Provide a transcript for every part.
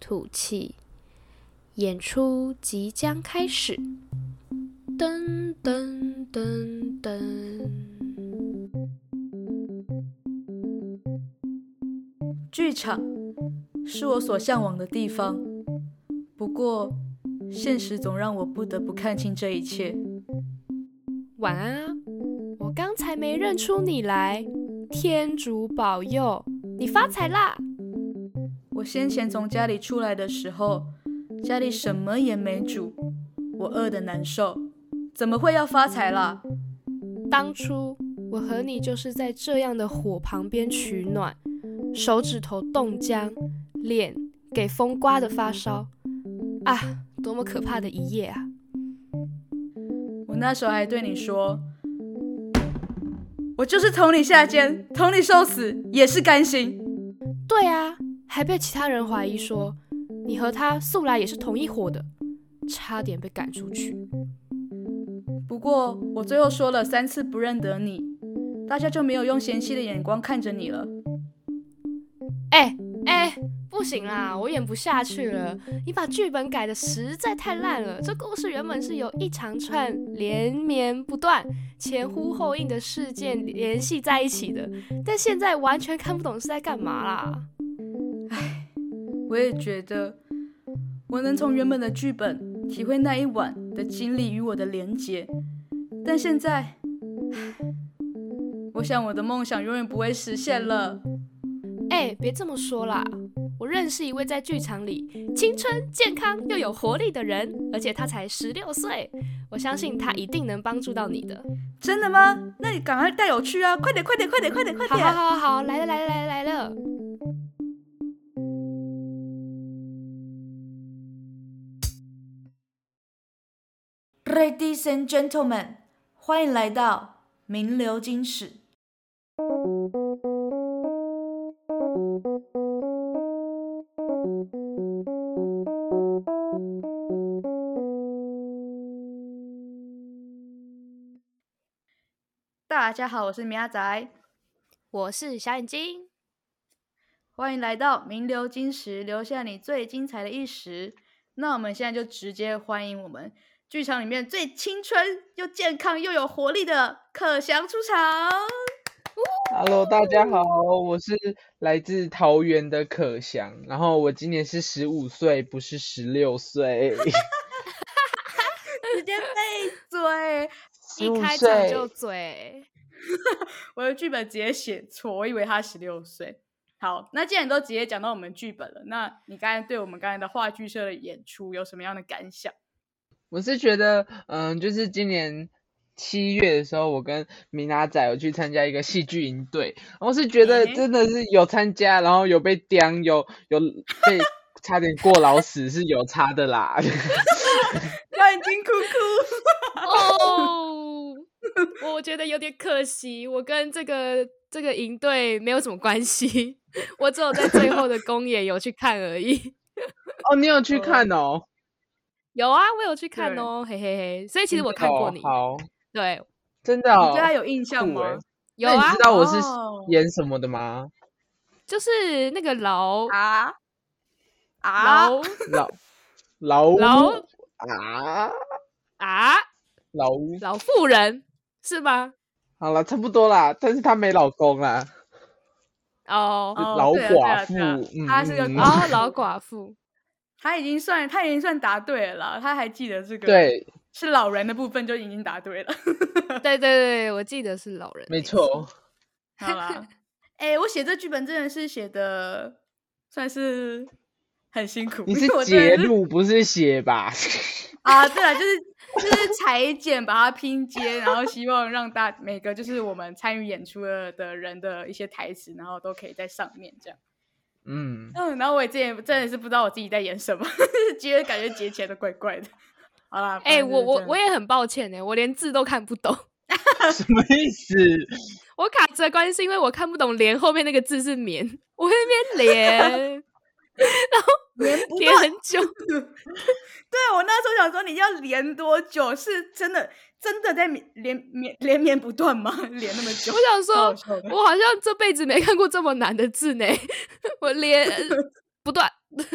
吐氣，演出即將開始。噔噔噔噔，劇場是我所嚮往的地方。不過，現實總讓我不得不看清這一切。晚安啊！我剛才沒認出你來。天主保佑，你發財啦！我先前從家裡出來的時候，家裡什麼也沒煮，我餓得難受，怎麼會要發財啦？當初我和你就是在這樣的火旁邊取暖，手指頭凍僵，臉給風刮的發燒，啊，多麼可怕的一夜啊！我那時候還對你說，我就是捅你下監，捅你受死也是甘心。對啊。還被其他人懷疑說，你和他素來也是同一夥的，差點被趕出去。不過我最後說了三次不認得你，大家就沒有用嫌棄的眼光看着你了。哎、欸、哎、欸，不行啦，我演不下去了！你把劇本改得實在太爛了。這故事原本是有一長串連綿不斷、前呼後應的事件聯繫在一起的，但現在完全看不懂是在幹嘛啦！我也覺得，我能從原本的劇本體會那一晚的經歷與我的連接，但現在，我想我的夢想永遠不會實現了。哎、欸，別這麼說啦！我認識一位在劇場裡青春、健康又有活力的人，而且他才十六歲，我相信他一定能幫助到你的。真的嗎？那你趕快帶我去啊！快點，快點，快點，快點，快點！好，好，好，好，來了，來，來了，來了，來了。Ladies and gentlemen，歡迎來到《名流金石》。大家好，我是明阿仔，我是小眼睛，歡迎來到《名流金石》，留下你最精彩的一時。那我們現在就直接歡迎我們。劇場裡面最青春又健康又有活力的可翔出場！Hello，大家好，我是來自桃園的可翔，然後我今年是十五歲，不是十六歲。 直接被嘴，一開場就嘴。 我的劇本直接寫錯，我以為他十六歲。好，那既然都直接講到我們劇本了，那你剛才對我們剛才的話劇社的演出有什麼樣的感想？我是覺得，嗯，就是今年七月的時候，我跟米娜仔有去參加一個戲劇營隊。我是覺得真的是有參加、欸，然後有被刁，有有被差點過勞死， 是有差的啦。眼睛哭哭哦，我覺得有點可惜。我跟這個這個營隊沒有什麼關係，我只有在最後的公演有去看而已。哦、 oh，你有去看哦。有啊，我有去看哦，嘿嘿嘿。所以其實我看過你，哦、對，好對，真的，哦，你對他有印象嗎？有啊，欸。你知道我是演什麼的嗎？啊哦，就是那個老啊啊老老老老啊啊老老婦人、啊、老婦人是嗎？好了，差不多啦，但是他沒老公啦。哦，老寡婦，哦啊啊嗯、他是個啊，哦、寡 老寡婦。他已經算，他已經算答對了啦。他還記得這個，對，是老人的部分就已經答對了。對 對，對對，我記得是老人，沒錯。好啦，哎、欸，我寫這劇本真的是寫的，算是很辛苦。你是節錄 不是寫吧？啊，對啊，就是就是裁剪，把它拼接， 然後希望讓大每個就是我們參與演出的人的一些台詞，然後都可以在上面這樣。嗯嗯，然後我也之前真的是不知道我自己在演什麼， 就是覺得感覺結起來都怪怪的。 好啦，哎、欸，我我我也很抱歉哎，我連字都看不懂， 什麼意思？我卡車關鍵是因為我看不懂“連”後面那個字是“棉”，我那邊“連。” 然後連不斷很久， 對，我那時候想說，你要連多久？是真的真的在連連連綿不斷嗎？連那麼久？ 我想說，我好像這輩子沒看過這麼難的字呢。 我連 不斷斷，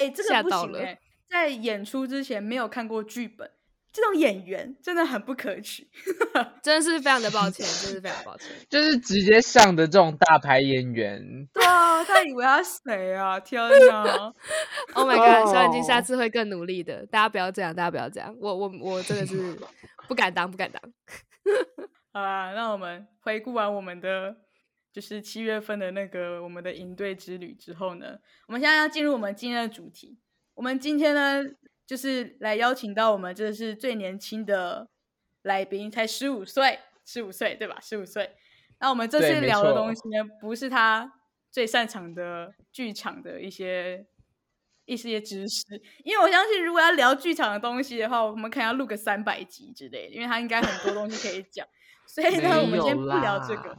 哎、 欸，這個不行、欸、 嚇到了，在演出之前沒有看過劇本。這種演員真的很不可取， 真的是非常的抱歉， 真是非常抱歉。 就是直接上的這種大牌演員。對啊，他以為他誰啊？天啊！Oh my god！小眼睛下次會更努力的。大家不要這樣，大家不要這樣。我我我真的是不敢當，不敢當。 好啦，那我們回顧完我們的就是七月份的那個我們的營隊之旅之後呢，我們現在要進入我們今天的主題。我們今天呢？就是來邀請到我們，這是最年輕的來賓，才十五歲，十五歲，對吧？十五歲。那我們這次聊的東西呢，不是他最擅長的劇場的一些一些知識，因為我相信，如果要聊劇場的東西的話，我們可能要錄個三百集之類的，因為他應該很多東西可以講。 所以呢，我們先不聊這個，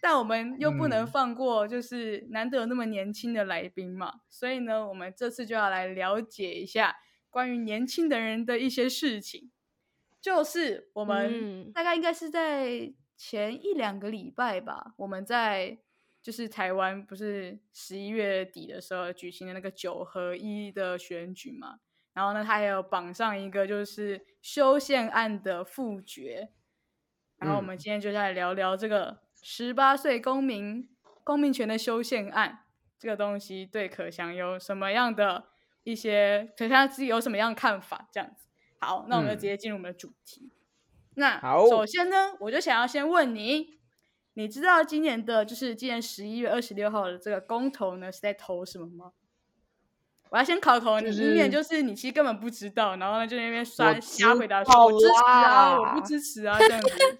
但我們又不能放過，就是難得有那麼年輕的來賓嘛、嗯，所以呢，我們這次就要來了解一下。關於年輕的人的一些事情，就是我們大概應該是在前一兩個禮拜吧，嗯、我們在就是台灣不是十一月底的時候舉行的那個九合一的選舉嘛，然後呢，他還有綁上一個就是修憲案的複決，然後我們今天就來聊聊這個十八歲公民公民權的修憲案這個東西對可翔有什麼樣的。一些，看下自己有什麼樣的看法，這樣子。好，那我們就直接進入我們的主題。嗯、那好、哦、首先呢，我就想要先問你，你知道今年的，就是今年十一月二十六號的這個公投呢是在投什麼嗎？我要先考考你，今、就、年、是、就是你其實根本不知道，然後呢就在那邊刷瞎回答說我支持啊，我不支持啊這樣子。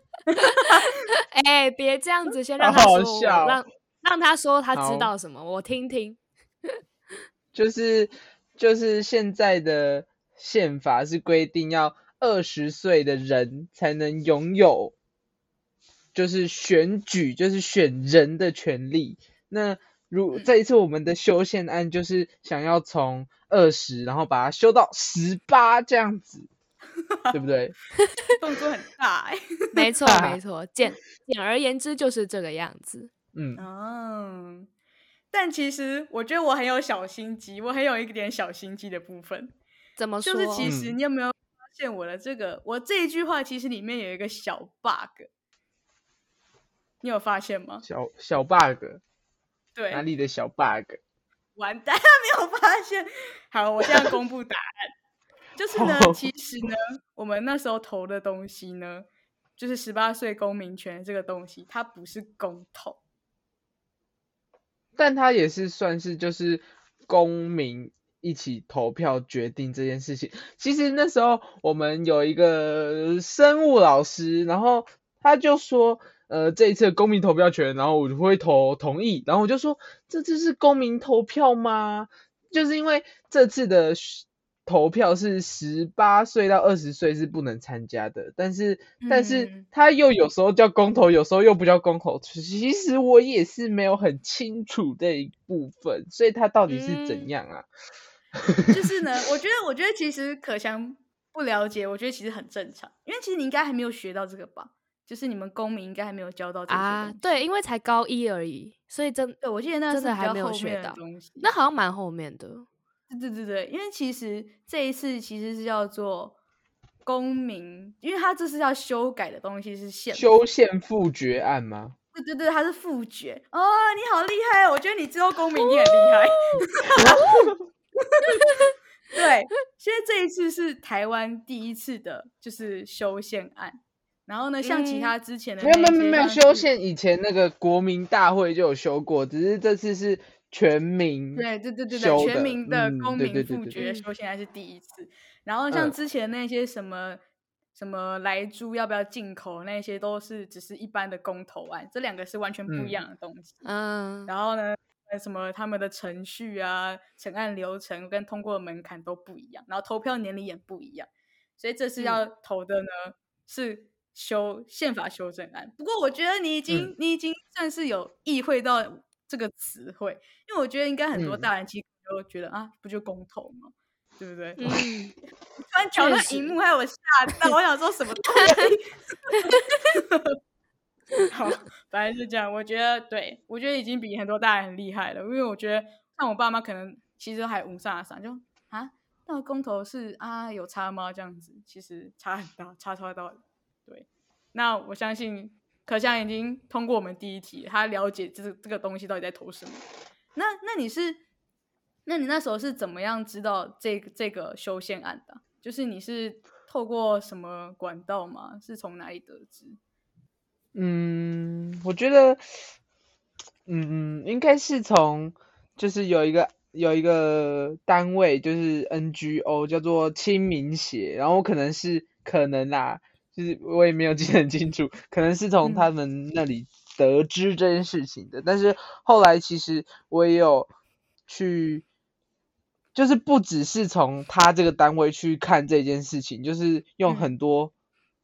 哎 對吧，別、 欸、這樣子，先讓他說，好好讓讓他說他知道什麼，我聽聽。就是。就是現在的憲法是規定要二十歲的人才能擁有，就是選舉，就是選人的權利。那如這一次我們的修憲案就是想要從二十，然後把它修到十八這樣子， 對不對？ 動作很大欸， 沒錯沒錯，簡簡而言之就是這個樣子。嗯。Oh. 但其實我覺得我很有小心機，我很有一點小心機的部分。怎麼說？就是其實你有沒有發現我的這個、嗯？我這一句話其實裡面有一個小 bug，你有發現嗎？小小 bug，對，哪裡的小 bug？完蛋，沒有發現。好，我現在公布答案。 就是呢，其實呢，我們那時候投的東西呢，就是十八歲公民權這個東西，它不是公投。但他也是算是就是公民一起投票決定這件事情。其實那時候我們有一個生物老師，然後他就說：“呃，這一次公民投票權，然後我就會投同意。”然後我就說：“這次是公民投票嗎？”就是因為這次的。投票是十八歲到二十歲是不能參加的，但是、嗯、但是他又有時候叫公投，有時候又不叫公投，其實我也是沒有很清楚的一部分，所以他到底是怎樣啊？嗯、就是呢， 我覺得我覺得其實可翔不了解，我覺得其實很正常，因為其實你應該還沒有學到這個吧？就是你們公民應該還沒有教到這個啊？對，因為才高一而已，所以真我記得那時候還沒有學到，後面的那好像蠻後面的。對對對，對，因為其實這一次其實是叫做公民，因為他這次要修改的東西是憲修憲複決案嗎？對對對，他是複決哦，你好厲害，我覺得你之後公民你很厲害。哦 哦 哦、 對，現在這一次是台灣第一次的，就是修憲案。然後呢、嗯，像其他之前的沒有沒有沒有修憲，以前那個國民大會就有修過，只是這次是。全民對，對對對對，全民的公民複決修，現在是第一次，嗯對對對對對。然後像之前那些什麼、嗯、什麼萊豬要不要進口，那些都是只是一般的公投案，這兩個是完全不一樣的東西。嗯，然後呢，什麼他們的程序啊、成案流程跟通過門檻都不一樣，然後投票年齡也不一樣。所以這次要投的呢、嗯、是修憲法修正案。不過我覺得你已經、嗯、你已經算是有意會到這個詞彙，因為我覺得應該很多大人其實都覺得、嗯、啊，不就公投嘛，對不對？嗯。突然瞧到熒幕害我嚇到，那我想說什麼東西？ 好，反正是這樣，我覺得，對我覺得已經比很多大人很厲害了，因為我覺得，像我爸媽可能其實還五煞上啊就啊，那公投是啊有差嗎？這樣子，其實差很大，差差到對。那我相信。可翔已經通過我們第一題，他了解這個、這個東西到底在投什麼。那那你是，那你那時候是怎麼樣知道這個這個修憲案的？就是你是透過什麼管道嗎？是從哪裡得知？嗯，我覺得，嗯，應該是從就是有一個有一個單位，就是 NGO 叫做青民協，然後可能是可能啦、啊。就是我也沒有記很清楚，可能是從他們那裡得知這件事情的。但是後來其實我也有去，就是不只是從他這個單位去看這件事情，就是用很多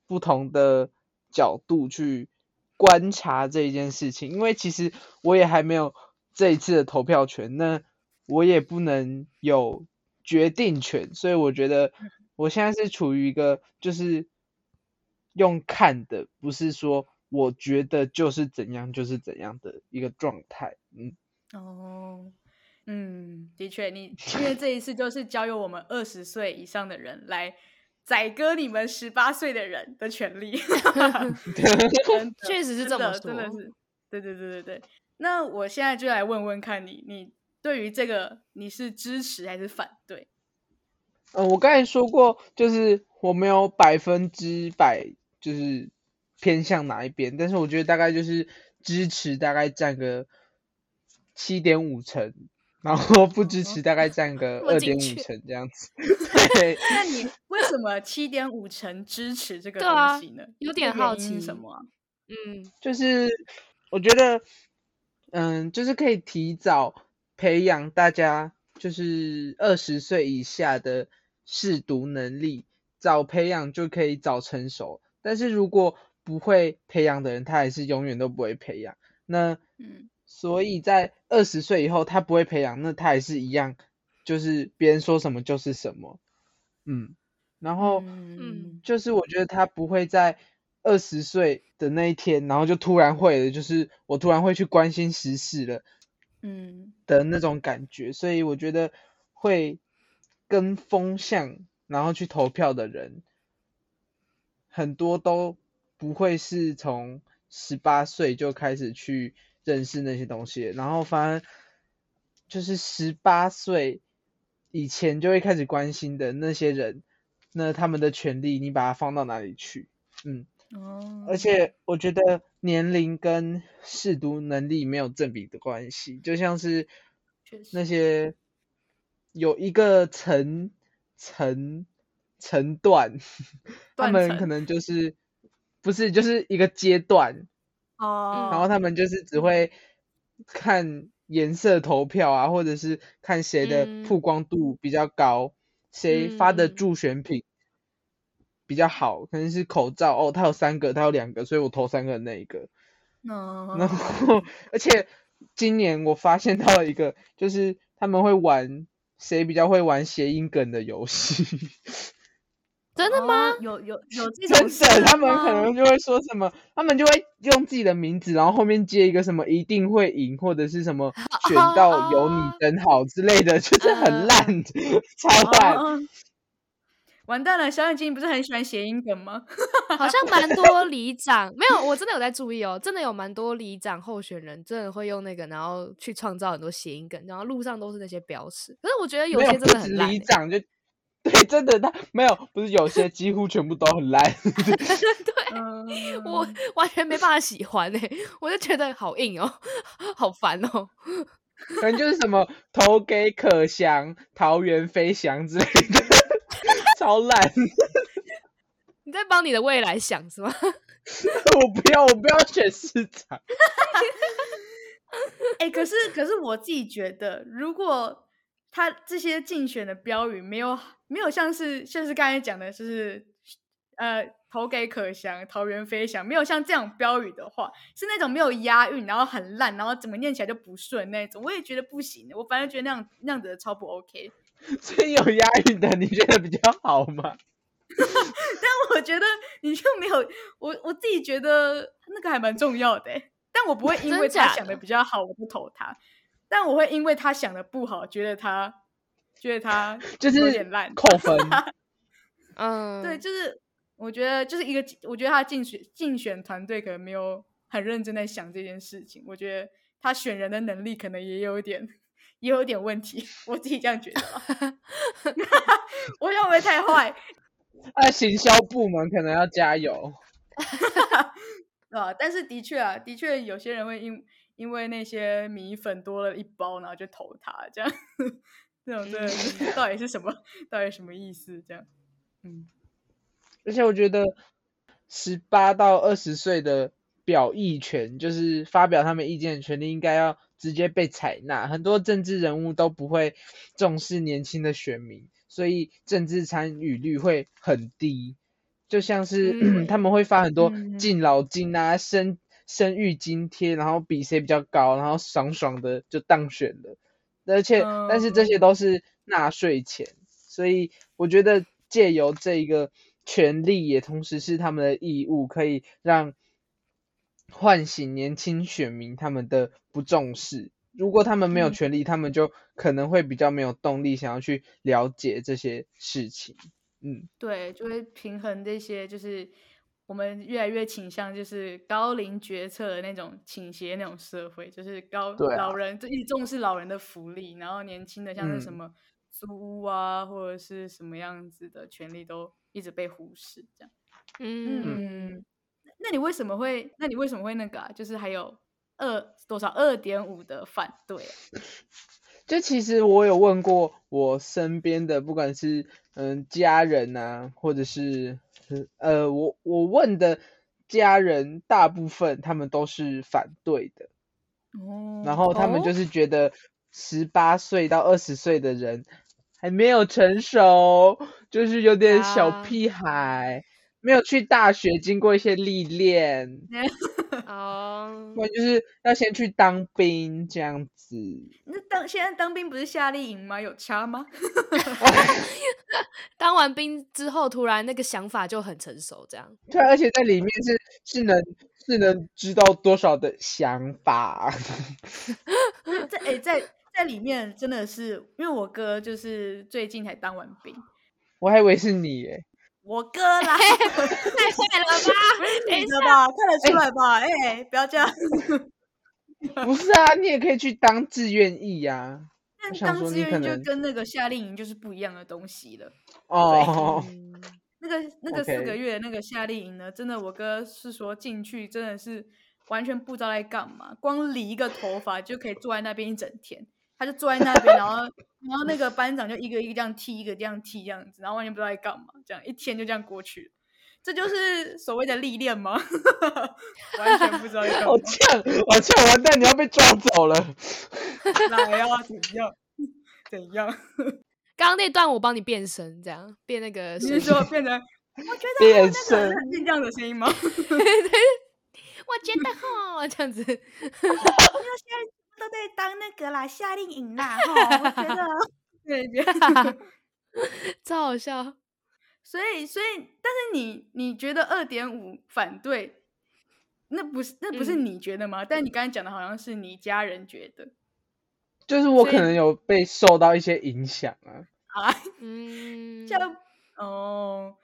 不同的角度去觀察這一件事情。因為其實我也還沒有這一次的投票權，那我也不能有決定權，所以我覺得我現在是處於一個就是，用看的不是說我覺得就是怎樣就是怎樣的一個狀態。嗯哦，嗯，oh, 嗯，的確，你因為這一次就是交由我們二十歲以上的人來宰割你們十八歲的人的權利，哈哈哈，確實是這麼說，真的是， 的是的是 對對對對對。那我現在就來問問看你，你對於這個你是支持還是反對？嗯、oh,，我剛才說過，就是我沒有百分之百。就是偏向哪一邊，但是我覺得大概就是支持大概占個七點五成，然後不支持大概占個二點五成這樣子。對， 那你為什麼七點五成支持這個東西呢？啊、有點好奇，什麼、啊？嗯，就是我覺得，嗯，就是可以提早培養大家，就是二十歲以下的試讀能力，早培養就可以早成熟。但是如果不會培養的人，他也是永遠都不會培養。那，嗯、所以，在二十歲以後，他不會培養，那他也是一樣，就是別人說什麼就是什麼。嗯，然後，嗯，就是我覺得他不會在二十歲的那一天，然後就突然會了，就是我突然會去關心時事了，嗯的那種感覺。所以我覺得會跟風向，然後去投票的人，很多都不會是從十八歲就開始去認識那些東西，然後反正就是十八歲以前就會開始關心的那些人，那他們的權利你把它放到哪裡去？嗯，oh, okay. 而且我覺得年齡跟識讀能力沒有正比的關係，就像是那些有一個層層。成段，他們可能就是不是就是一個階段哦，然後他們就是只會看顏色投票啊，或者是看誰的曝光度比較高，嗯、誰發的助選品比較好，嗯、可能是口罩哦，他有三個，他有兩個，所以我投三個那一個。哦，然後而且今年我發現到了一個，就是他們會玩誰比較會玩諧音梗的遊戲。真的嗎？Oh, 有有有這種？真的，他們可能就會說什麼，他們就會用自己的名字，然後後面接一個什麼一定會贏或者是什麼選到有你真好之類的，oh, oh, oh. 就是很爛，uh, 超爛，oh, oh. 完蛋了！小眼睛你不是很喜歡諧音梗嗎？好像蠻多里長， 沒有，我真的有在注意哦，真的有蠻多里長候選人真的會用那個，然後去創造很多諧音梗，然後路上都是那些標識。可是我覺得有些真的很爛，里長、欸、就。對真的，他沒有，不是有些幾乎全部都很爛。 對、嗯，我完全沒辦法喜歡，我就覺得好硬哦，好煩哦。反正就是什麼投給可翔、桃園飛翔之類的， 超爛。你在幫你的未來想是嗎？ 我不要，我不要選市長。 欸、可是可是我自己覺得，如果。他這些競選的標語，沒有沒有像是像是剛才講的，就是呃投給可翔桃園飛翔，沒有像這樣標語的話，是那種沒有押韻，然後很爛，然後怎麼念起來就不順那種，我也覺得不行。我反正覺得那樣那樣的超不 OK。所以有押韻的，你覺得比較好嗎？ 但我覺得你就沒有我我自己覺得那個還蠻重要的欸，但我不會因為他想的比較好，我不投他。但我會因為他想的不好，覺得他，覺得他就是有點爛，就是、扣分。 嗯，對，就是我覺得就是一個，我覺得他競選競選團隊可能沒有很認真在想這件事情，我覺得他選人的能力可能也有一點，也有點問題。我自己這樣覺得， 我有沒有太壞？哎，行銷部門可能要加油 啊！但是的確啊，的確有些人會因。因為那些米粉多了一包，然後就投他，這樣 這種的到底是什麼？ 到底什麼意思？這樣，嗯，而且我覺得十八到二十歲的表意權，就是發表他們意見的權利，應該要直接被採納。很多政治人物都不會重視年輕的選民，所以政治參與率會很低。就像是 他們會發很多敬老金啊，生。 生育津貼，然後比誰比較高，然後爽爽的就當選了。而且，嗯、但是這些都是納稅錢，所以我覺得借由這一個權利，也同時是他們的義務，可以讓喚醒年輕選民他們的不重視。如果他們沒有權利、嗯，他們就可能會比較沒有動力想要去了解這些事情。嗯，對，就會平衡這些，就是。我們越來越傾向就是高齡決策的那種傾斜那種社會，就是高、啊、老人就一直重視老人的福利，然後年輕的像是什麼租屋啊、嗯、或者是什麼樣子的權利都一直被忽視這樣。嗯，嗯，那你為什麼會？那你為什麼會那個、啊？就是還有二多少二點五的反對？就其實我有問過我身邊的，不管是嗯家人啊，或者是。呃，我我問的家人大部分他們都是反對的，嗯、然後他們就是覺得十八歲到二十歲的人還沒有成熟，就是有點小屁孩，啊、沒有去大學經過一些歷練，哦、嗯，我 就是要先去當兵這樣子。現在當兵不是夏令營嗎？有差嗎？ 當完兵之後，突然那個想法就很成熟，這樣。對，而且在裡面是是能是能知道多少的想法。在 哎、欸，在在裡面真的是，因為我哥就是最近才當完兵，我還以為是你耶、欸，我哥啦，欸、 太帥了吧？哎了吧？看得出來吧？哎、欸欸，不要這樣。 不是啊，你也可以去當志願役呀。但當志願役就跟那個夏令營就是不一樣的東西了。哦、 oh. 嗯，那個那個四個月的那個夏令營呢，真的我哥是說進去真的是完全不知道在幹嘛，光理一個頭髮就可以坐在那邊一整天。他就坐在那邊， 然後然後那個班長就一個一個這樣剃，一個，一個這樣剃這樣子，然後完全不知道在幹嘛，這樣一天就這樣過去了。這就是所謂的歷練嗎？ 完全不知道要。 好嗆，好嗆，完蛋，你要被抓走了。 那還要怎樣？怎樣？ 剛剛那段我幫你變聲，這樣變那個。你是說變成？我覺得那個很變樣的聲音嗎？ 我覺得哈，這樣子， 因為現在都在當那個啦，夏令營啦，哈，我覺得對，別哈，超好笑。所以，所以，但是你你覺得二點五反對，那不是那不是你覺得嗎？嗯、但你剛才講的好像是你家人覺得，就是我可能有被受到一些影響啊，哎、啊，嗯，叫哦，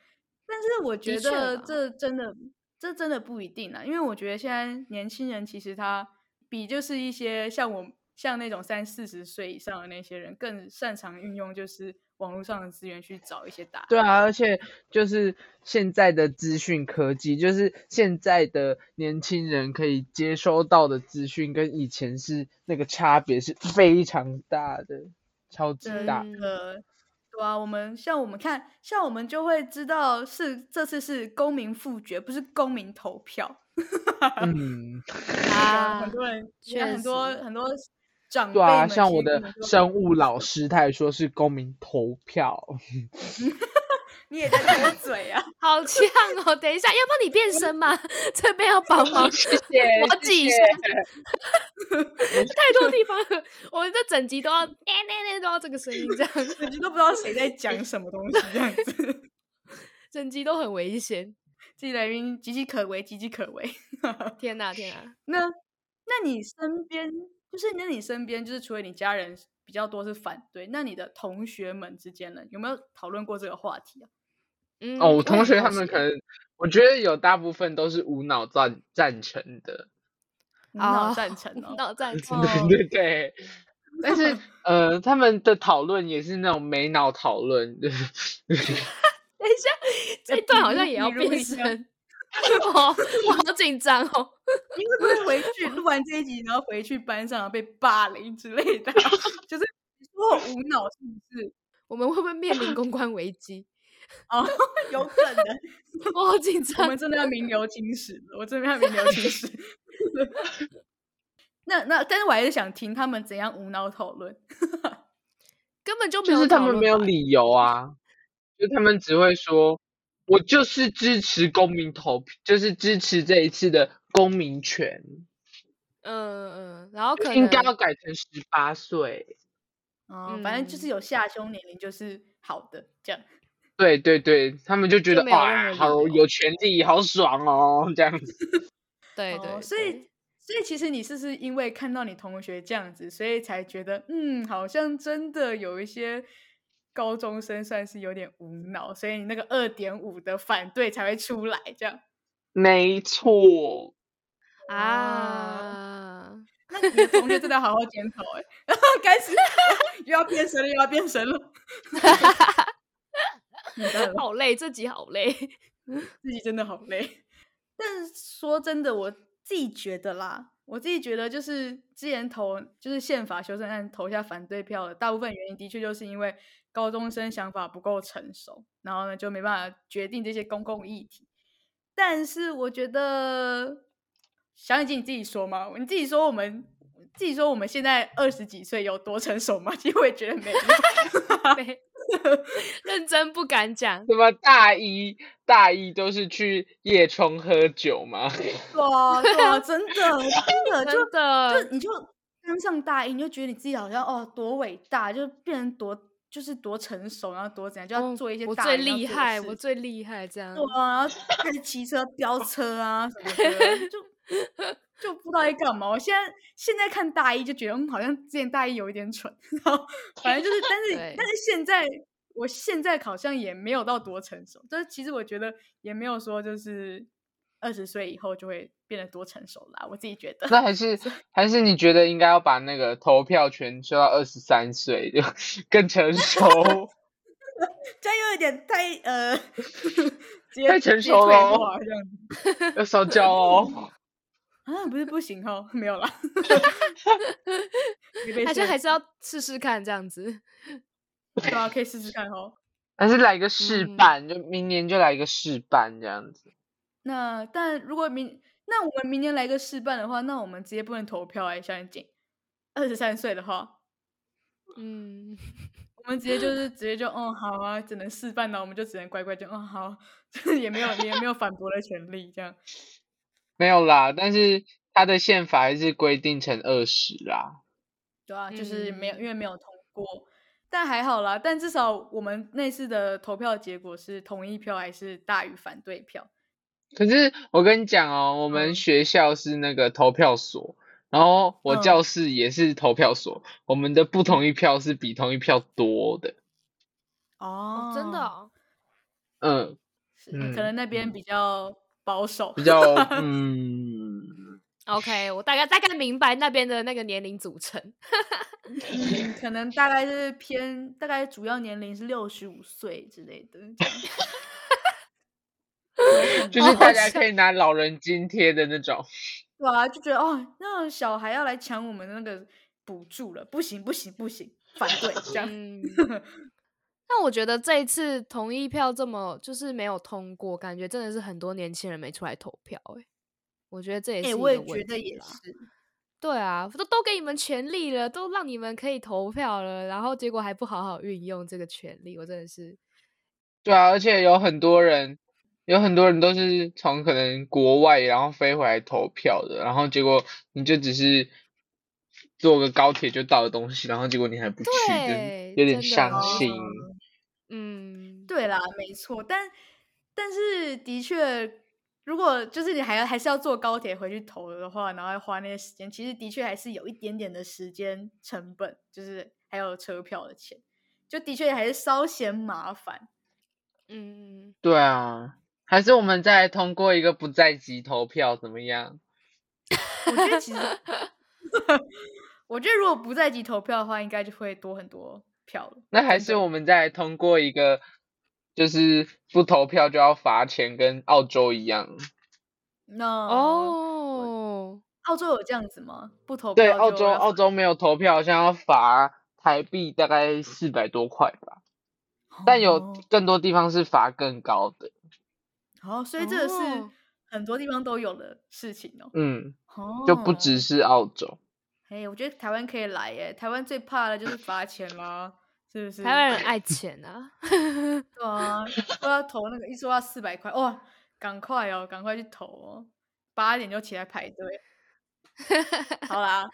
但是我覺得這真的，的這真的不一定啊，因為我覺得現在年輕人其實他比就是一些像我。像那種三四十歲以上的那些人，更擅長運用就是網絡上的資源去找一些答案。對啊，而且就是現在的資訊科技，就是現在的年輕人可以接收到的資訊，跟以前是那個差別是非常大的，超級大。真的，呃、對啊，我們像我們看，像我們就會知道是這次是公民複決，不是公民投票。 嗯啊，很多人，其實很多很多。很多對啊，像我的生物老師，他也說是公民投票。 你也在我嘴啊？ 好嗆哦！等一下，要幫你變身嗎？這邊要幫忙， 謝謝，我擠一下 太多地方了，我們的整集都要咧咧咧，都要這個聲音這樣，子 都不知道誰在講什麼東西這樣子， 整集都很危險，氣氛岌岌可危，岌岌可危。 天哪、啊，天哪、啊！那，那你身邊？就是那你身邊，就是除了你家人比較多是反對，那你的同學們之間呢，有沒有討論過這個話題啊？嗯，哦，我同學他們可能，我覺得有大部分都是無腦贊贊成的，無腦贊成哦、哦、贊成，無腦贊成，對對對。 但是 呃，他們的討論也是那種沒腦討論。 等一下，這一段好像也要變聲。哇、 哦，我好緊張哦！你會不會回去錄完這一集，然後回去班上被霸凌之類的？ 就是我無腦是不是？ 我們會不會面臨公關危機？哦，有可能。 我好緊張，我們真的要名留青史了。我真的要名留青史。 那那，但是我還是想聽他們怎樣無腦討論， 根本就沒有，就是他們沒有理由啊， 就他們只會說。我就是支持公民投票，就是支持這一次的公民權。嗯、呃、嗯，然後可能應該要改成十八歲。哦、嗯，反正就是有下修年齡就是好的這樣。對對對，他們就覺得就哇，有有好有權利，好爽哦，這樣子。 對、哦、對，所以所以其實你是不是因為看到你同學這樣子，所以才覺得嗯，好像真的有一些。高中生算是有點無腦，所以你那個二點五的反對才會出來這樣。沒錯啊,啊，那你的同學真的好好檢討哎， 然後開始又要變身了，又要變身了, 了, 了，好累，這集好累，這集真的好累。 但是說真的，我自己覺得啦。我自己覺得，就是之前投就是憲法修正案投下反對票的，大部分原因的確就是因為高中生想法不夠成熟，然後呢，就沒辦法決定這些公共議題。但是我覺得，小 眼你自己說嘛，你自己說，我們自己說，我們現在二十幾歲有多成熟嘛？就我也覺得沒辦法。 認真不敢講。什麼大一大一都是去夜衝喝酒嗎？ 對啊、對啊、真的 真的真的就，就你就跟上大一，你就覺得你自己好像哦多偉大，就變成多就是多成熟，然後多怎樣，就要做一些一、哦、我最厲害，害，我最厲害這樣。對啊，然後開始騎車飆車啊 什麼的，就。 就不知道在幹嘛。我現在現在看大一就覺得、嗯、好像之前大一有一點蠢，然後反正就是，但是但是現在我現在好像也沒有到多成熟。就是其實我覺得也沒有說就是二十歲以後就會變得多成熟啦。我自己覺得，那還是還是你覺得應該要把那個投票權收到二十三歲就更成熟？ 這樣又有點太呃，太成熟了，要燒焦哦。 啊，不是不行哦，沒有啦。哈哈哈哈哈，還是還是要試試看這樣子。對啊，可以試試看哦。還是來一個試辦、嗯，就明年就來一個試辦這樣子。那但如果明那我們明年來一個試辦的話，那我們直接不能投票哎、欸，像你，二十三歲的話，嗯，我們直接就是直接就，哦、嗯。好啊，只能試辦了，我們就只能乖乖就，哦、嗯。好、就是也，也沒有也沒有反駁的權利這樣。沒有啦，但是他的憲法還是規定成二十啦。對啊，就是沒有，因為沒有通過、嗯。但還好啦，但至少我們那次的投票結果是同意票還是大於反對票。可是我跟你講哦、喔，我們學校是那個投票所，然後我教室也是投票所，嗯，我們的不同意票是比同意票多的。哦，真、嗯，的？嗯，可能那邊比較。保守比較，嗯 ，OK，我大概大概明白那邊的那個年齡組成、 嗯，可能大概是偏大概主要年齡是六十五歲之類的， 就是大家可以拿老人津貼的那種，對 啊、哦，就覺得哦，那小孩要來搶我們的那個補助了，不行不行不行，反對 這樣。 但我覺得這一次同意票這麼就是沒有通過，感覺真的是很多年輕人沒出來投票誒，我覺得這也是。欸，我也覺得也是。對啊，我都都給你們權利了，都讓你們可以投票了，然後結果還不好好運用這個權利，我真的是。對啊，而且有很多人，有很多人都是從可能國外然後飛回來投票的，然後結果你就只是坐個高鐵就到的東西，然後結果你還不去，就有點傷心。對啦，沒錯，但但是的確，如果就是你還要還是要坐高鐵回去投的話，然後要花那些時間，其實的確還是有一點點的時間成本，就是還有車票的錢，就的確還是稍嫌麻煩。嗯，對啊，還是我們再通過一個不在籍投票怎麼樣？我覺得其實， 我覺得如果不在籍投票的話，應該就會多很多票了。那還是我們再通過一個。就是不投票就要罰錢，跟澳洲一樣。那哦、oh.，澳洲有這樣子嗎？不投票對澳洲，澳洲沒有投票，好像要罰台幣大概四百多塊吧。Oh. 但有更多地方是罰更高的。哦、oh. oh,，所以這個是很多地方都有的事情哦。Oh. 嗯，哦，就不只是澳洲。哎、oh. hey,，我覺得台灣可以來耶。台灣最怕的就是罰錢啦。 是不是？不台灣人愛錢啊！ 對啊，我要投那個，一說要四百塊，哇，趕快哦，趕快去投哦，八點就起來排隊。 好啦，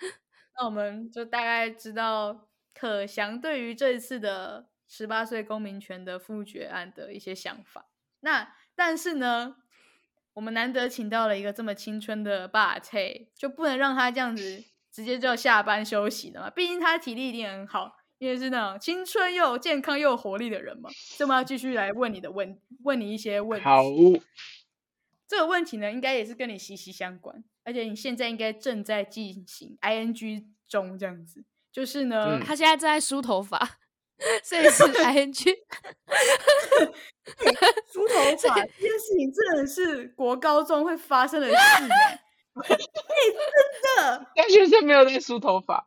那我們就大概知道可翔對於這一次的十八歲公民權的複決案的一些想法。那但是呢，我們難得請到了一個這麼青春的霸氣，就不能讓他這樣子直接就下班休息的嘛？畢竟他體力一定很好。也是那種青春又健康又有活力的人嘛，這麼要繼續來問你的問，問你一些問題。好、哦。這個問題呢，應該也是跟你息息相關，而且你現在應該正在進行 ing 中，這樣子，就是呢，嗯、他現在正在梳頭髮，所以是 ing。梳頭髮，但是你情真的是國高中會發生的事情， 你真的。感覺是現在沒有在梳頭髮。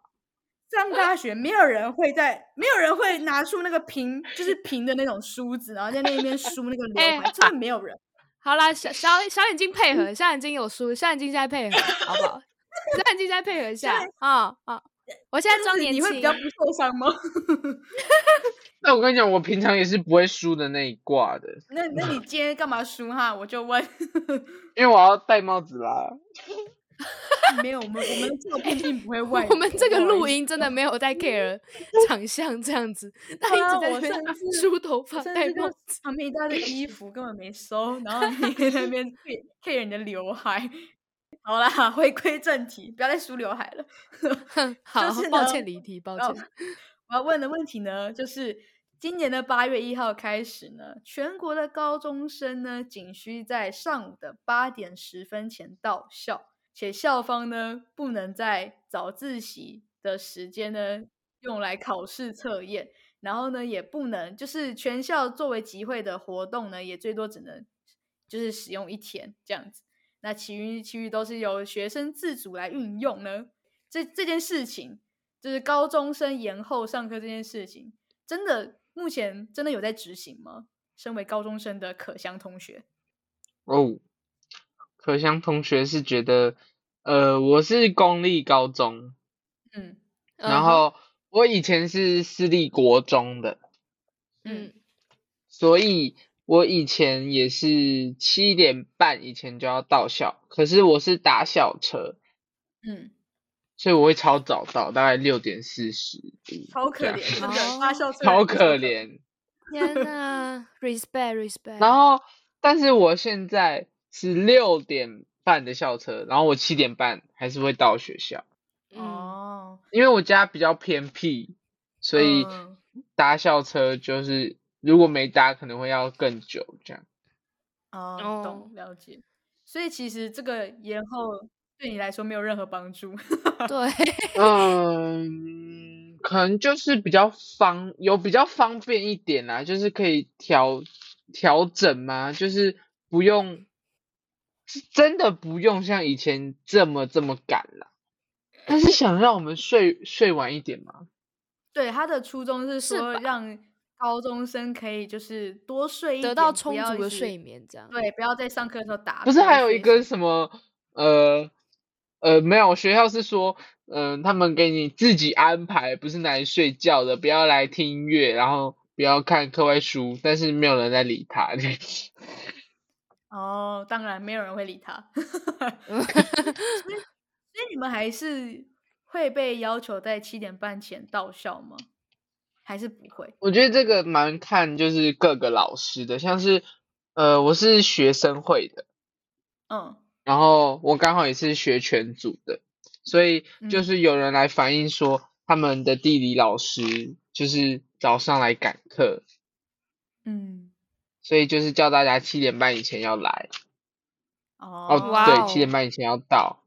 上大學沒有人會在，沒有人會拿出那個平，就是平的那種梳子，然後在那邊梳那個劉海、欸，真的沒有人。好啦，小小小眼睛配合，小眼睛有梳，小眼睛現在配合，好不好？小眼睛再配合一下啊啊、哦！我現在裝眼睛你會比較不受傷嗎？ 那我跟你講，我平常也是不會梳的那一掛的。那那你今天幹嘛梳哈？我就問， 因為我要戴帽子啦。 沒有，我們我們, 我們這個一定不會外。我們這個錄音真的沒有在 care 長 相這樣子， 他一直在梳頭髮，甚至都旁邊一堆衣服根本沒收， 然後你在那邊 care 你的劉海。好了，回歸正題，不要再梳劉海了。 是呢 好，好，抱歉離題，抱歉。我要問的問題呢，就是今年的八月一號開始呢，全國的高中生呢，僅需在上午的八點十分前到校。且校方呢，不能在早自習的時間呢用來考試測驗，然後呢，也不能就是全校作為集會的活動呢，也最多只能就是使用一天這樣子。那其餘其餘都是由學生自主來運用呢。這這件事情，就是高中生延後上課這件事情，真的目前真的有在執行嗎？身為高中生的可翔同學，哦、oh.。可翔同學是覺得，呃，我是公立高中，嗯，然後、嗯、我以前是私立國中的，嗯，所以我以前也是七點半以前就要到校，可是我是打校車，嗯，所以我會超早到，大概六點四十，好可憐，好、哦、 可憐，天吶、啊、 respect，respect，然後，但是我現在。是六點半的校車，然後我七點半還是會到學校哦、嗯，因為我家比較偏僻，所以搭校車就是、嗯、如果沒搭可能會要更久這樣哦、嗯，懂了解，所以其實這個延後對你來說沒有任何幫助， 對，嗯，可能就是比較方有比較方便一點啦，就是可以調調整嘛，就是不用。是真的不用像以前這麼這麼趕了，他是想讓我們睡睡晚一點嗎？對，他的初衷是說讓高中生可以就是多睡一點，得到充足的睡眠，這樣對，不要在上課的時候打。不是還有一個什麼？呃呃，沒有，學校是說，嗯、呃，他們給你自己安排，不是拿來睡覺的，不要來聽音樂，然後不要看課外書，但是沒有人在理他。 哦、oh,，當然沒有人會理他。 所，所以你們還是會被要求在七點半前到校嗎？還是不會？我覺得這個蠻看就是各個老師的，像是呃，我是學生會的，嗯，然後我剛好也是學權組的，所以就是有人來反映說他們的地理老師就是早上來趕課，嗯。所以就是叫大家七點半以前要來，哦、oh, oh,，wow. 對，七點半以前要到。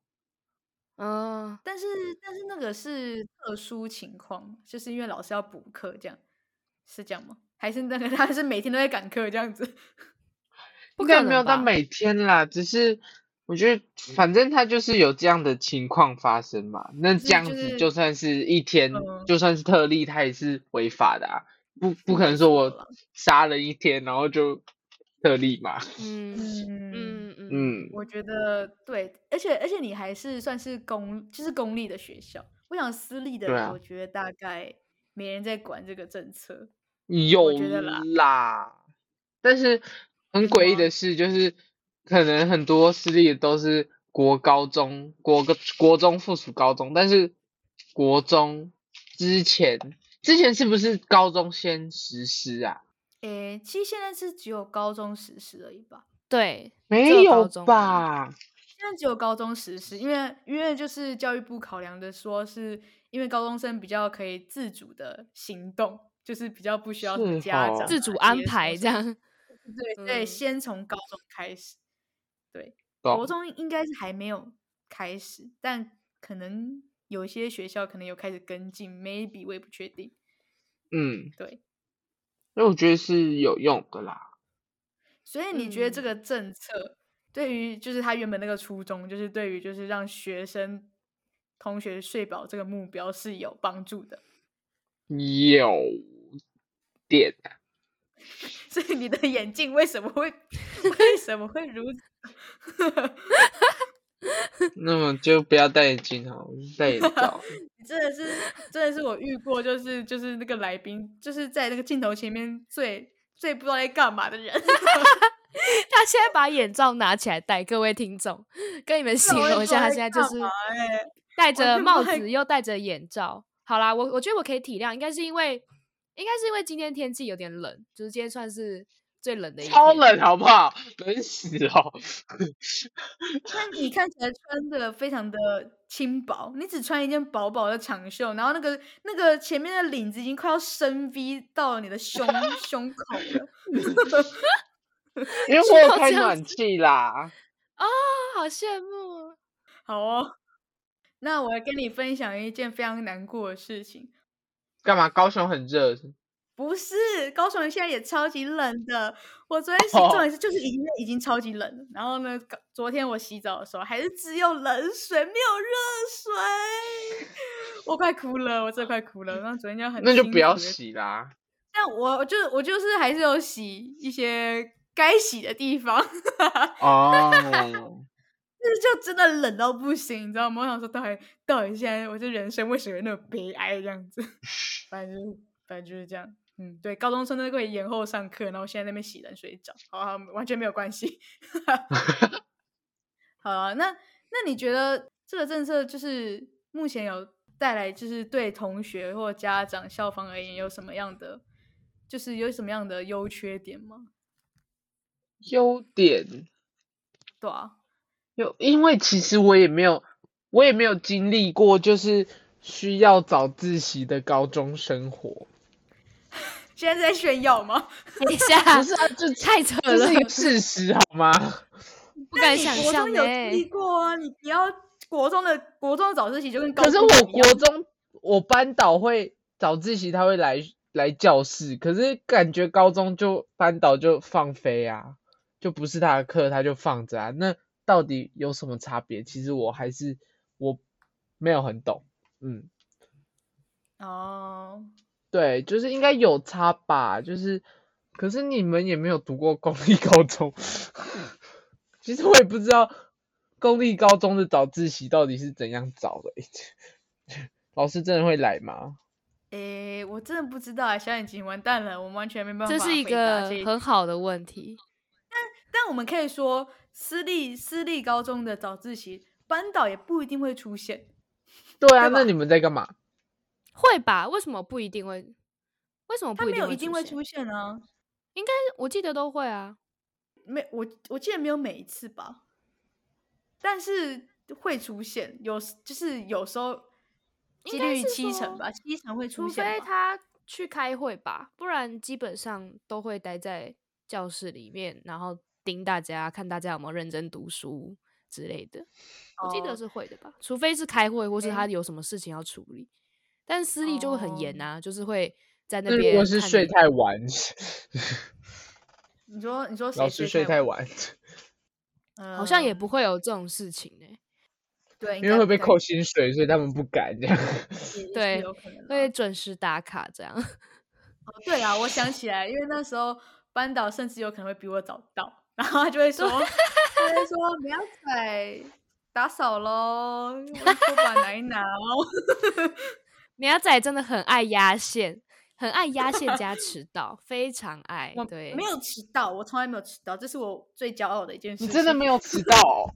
嗯、uh,，但是但是那個是特殊情況，就是因為老師要補課這樣，是這樣嗎？還是那個他是每天都在趕課這樣子？ 不可能沒有到每天啦，只是我覺得反正他就是有這樣的情況發生嘛。那這樣子就算是一天，嗯、就算是特例，他也是違法的、啊。不不可能說我殺了一天，然後就特例嘛？嗯嗯嗯嗯。我覺得對，而且而且你還是算是公，就是公立的學校。我想私立的、啊，我覺得大概沒人在管這個政策。有啦，我覺得啦，但是很詭異的是，就是可能很多私立都是國高中、國國國中附屬高中，但是國中之前。之前是不是高中先實施啊？誒，其實現在是只有高中實施而已吧？對，有高中沒有吧？現在只有高中實施，因為因為就是教育部考量的說，是因為高中生比較可以自主的行動，就是比較不需要家長、啊哦、什麼自主安排這樣。對對、嗯，先從高中開始。對、哦，高中應該是還沒有開始，但可能。有些學校可能有開始跟進，maybe 我也不確定。嗯，對，那我覺得是有用的啦。所以你覺得這個政策對於就是他原本那個初衷，就是對於就是讓學生同學睡飽這個目標是有幫助的。有點。 所以你的眼鏡為什麼會 為什麼會如此？ 那麼就不要戴眼鏡哈，戴眼罩。 真的是，真的是我遇過，就是就是那個來賓，就是在那個鏡頭前面最最不知道在幹嘛的人。 他現在把眼罩拿起來戴，各位聽眾，跟你們形容一下， 他現在就是戴着帽子又戴着眼罩。好啦，我我覺得我可以體諒，應該是因為，應該是因為今天天氣有點冷，就是今天算是。最冷的，超冷，好不好？冷死了。 但你看起來穿的非常的輕薄，你只穿一件薄薄的長袖，然後那個那個前面的領子已經快要深 V 到了你的胸 胸口了。 因為我有開暖氣啦。啊，oh, 好羨慕。好哦，那我要跟你分享一件非常難過的事情。幹嘛？高雄很熱。不是，高雄現在也超級冷的。我昨天洗澡也是，就是已經、哦、已經超級冷了。然後呢，昨天我洗澡的時候還是只有冷水，沒有熱水， 我快哭了，我真的快哭了。然後昨天就很，那就不要洗啦。但我，我就是我就是還是有洗一些該洗的地方。 哦， 就是就真的冷到不行，你知道嗎？我想說，到底到底現在我這人生為什麼那麼悲哀這樣子？反正反正就是這樣。嗯，對，高中生都可以延後上課，然後現在在那邊洗冷水澡。好啊，完全沒有關係。 好啊，那那你覺得這個政策就是目前有帶來，就是對同學或家長、校方而言，有什麼樣的，就是有什麼樣的優缺點嗎？優點，對啊，有，因為其實我也沒有，我也沒有經歷過，就是需要早自習的高中生活。現在在炫耀嗎？等一下 不是、啊，就太扯了，這是一個事實，好嗎？不敢想象哎。 你有過、啊欸、你要國中的國中的早自習就跟高中，可是我國中我班導會早自習，他會來來教室，可是感覺高中就班導就放飛啊，就不是他的課他就放着啊，那到底有什麼差別？其實我還是我沒有很懂，嗯，哦。對，就是應該有差吧，就是，可是你們也沒有讀過公立高中，其實我也不知道公立高中的早自習到底是怎樣早的，老師真的會來嗎？誒，我真的不知道，小眼睛完蛋了，我完全沒辦法。這是一個很好的問題，但但我們可以說，私立私立高中的早自習，班導也不一定會出現。對啊，對那你們在幹嘛？會吧？為什麼不一定會？為什麼他沒有一定會出現呢、啊？應該我記得都會啊，沒我我記得沒有每一次吧，但是會出現有就是有時候幾率七成吧，七成會出現。除非他去開會吧，不然基本上都會待在教室裡面，然後盯大家看大家有沒有認真讀書之類的、哦。我記得是會的吧，除非是開會，或是他有什麼事情要處理。嗯但是私立就會很嚴啊，oh. 就是會在那邊。如果是睡太晚。你說你說老師睡太晚？ 好像也不會有這種事情、欸、對，因為會被扣薪水，所以他們不敢這樣。對，會準時打卡這樣、哦。對啊，我想起來，因為那時候班導甚至有可能會比我早到，然後他就會說：“他說不 要起打掃嘍，拖把拿哦。 」苗仔真的很愛壓線，很愛壓線加遲到， 非常愛。對，沒有遲到，我從來沒有遲到，這是我最驕傲的一件事。你真的沒有遲到哦？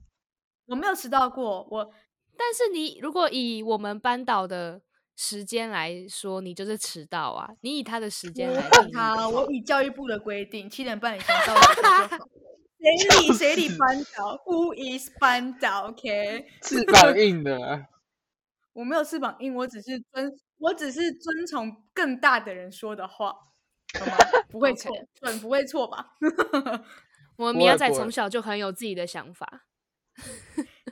我沒有遲到過。我，但是你如果以我們班導的時間來說，你就是遲到啊。你以他的時間來定他 我以教育部的規定七點半以前到。誰 理誰理班導 ？Who is 班導 OK，是反應的。Okay? 我沒有翅膀硬，因我只是遵，我只是遵從更大的人說的話，懂嗎？不會錯，準、 okay. 嗯、不會錯吧？ 我米亞仔從小就很有自己的想法，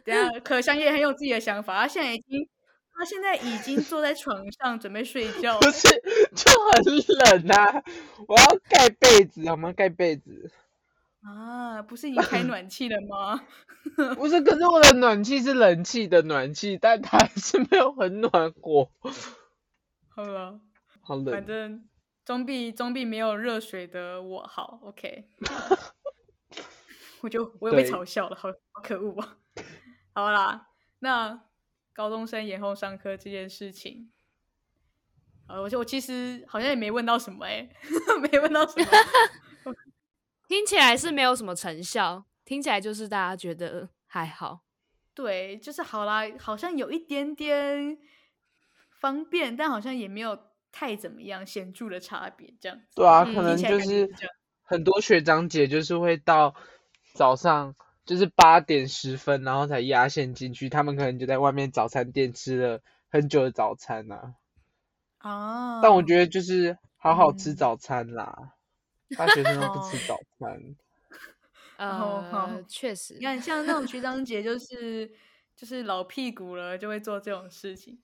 對 啊，可翔也很有自己的想法。他現在已經，他現在已經坐在床上 準備睡覺，不是就很冷吶、啊？我要蓋被子，我們要蓋被子。啊，不是已經開暖氣了嗎？ 不是，可是我的暖氣是冷氣的暖氣，但它還是沒有很暖和 好了，好冷，反正總比總比沒有熱水的我好 OK。 我就我又被嘲笑了，好，好可惡啊！ 好啦，那高中生延後上課這件事情，呃，我就我其實好像也沒問到什麼哎、欸， 沒問到什麼。 聽起來是沒有什麼成效，聽起來就是大家覺得還好，對，就是好啦，好像有一點點方便，但好像也沒有太怎麼樣顯著的差別，這樣。對啊，可能就是很多學長姐就是會到早上就是八點十分，然後才壓線進去，他們可能就在外面早餐店吃了很久的早餐吶、啊。啊、嗯。但我覺得就是好好吃早餐啦。嗯 他學生都不吃早餐，然後確實，你看像那種學長姐，就是 就是老屁股了，就會做這種事情。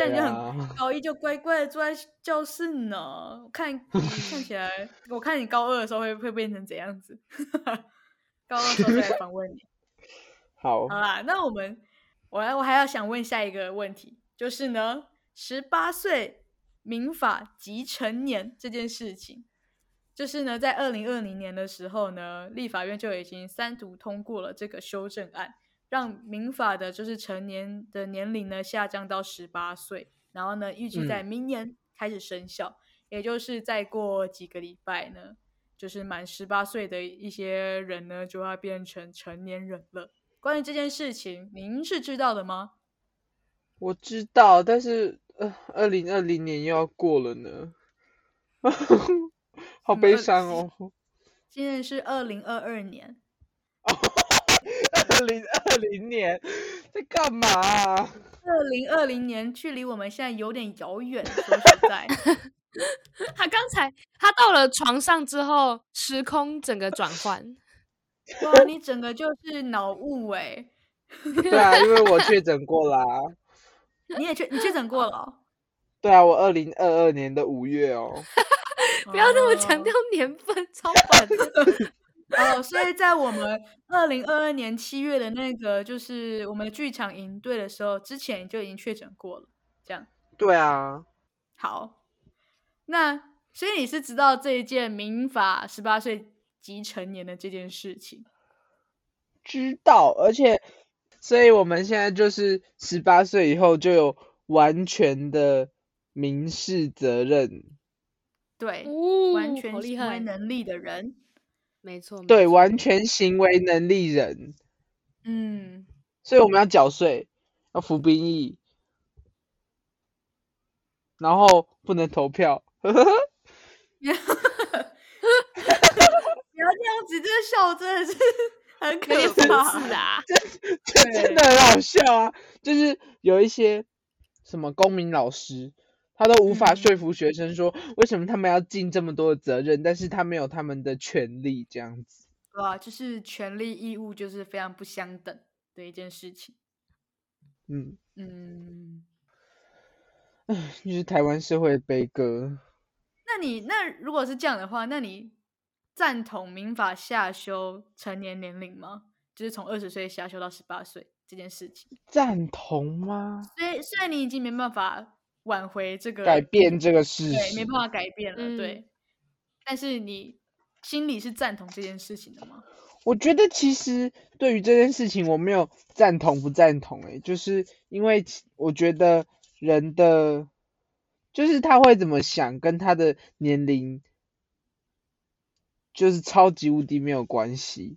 像 你、啊，就很高一就乖乖的坐在教室呢。 我看你看起來， 我看你高二的時候會會變成怎樣子？ 高二的時候再訪問你。 好，好啦，那我們我來，我還要想問下一個問題，就是呢，十八歲民法即成年這件事情。就是呢，在二零二零年的時候呢，立法院就已經三讀通過了這個修正案，讓民法的，就是成年的年齡呢下降到十八歲。然後呢，預計在明年開始生效，嗯，也就是再過幾個禮拜呢，就是滿十八歲的一些人呢就要變成成年人了。關於這件事情，您是知道的嗎？我知道，但是呃，二零二零年又要過了呢。 好悲傷哦！今天是二零二二年，二零二零年在幹嘛、啊？二零二零年距離我們現在有點遙遠說實在。 他剛才他到了床上之後，時空整個轉換， 哇！你整個就是腦霧哎。 對啊，因為我確診過啦、啊。 你也確你確診過了、哦？對啊，我二零二二年的五月哦。不要那麼強調年份，哦、超煩的。 哦，所以在我們二零二二年七月的那個，就是我們劇場營隊的時候，之前就已經確診過了，這樣。對啊。好，那所以你是知道這一件民法十八歲即成年的這件事情？知道，而且，所以我們現在就是十八歲以後就有完全的民事責任。對、哦，完全行為能力的人，哦哦、沒錯、哦。對，完全行為能力人。嗯，所以我們要繳稅，要服兵役，然後不能投票。 哈哈哈哈 你要這樣子，這個笑真的是很可怕，是 啊真的， 真真真的很好笑啊！就是有一些什麼公民老師。他都無法說服學生說為什麼他們要盡這麼多的責任， 但是他沒有他們的權利這樣子。哇、啊，就是權利義務就是非常不相等的一件事情。嗯嗯，唉， 就是台灣社會的悲歌。那你那如果是這樣的話，那你贊同民法下修成年年齡嗎？就是從二十歲下修到十八歲這件事情，贊同嗎？所以雖然你已經沒辦法。挽回這個改變這個事情，對，沒辦法改變了，嗯、對。但是你心裡是贊同這件事情的嗎？我覺得其實對於這件事情，我沒有贊同不贊同、欸，誒，就是因為我覺得人的就是他會怎麼想，跟他的年齡就是超級無敵沒有關係。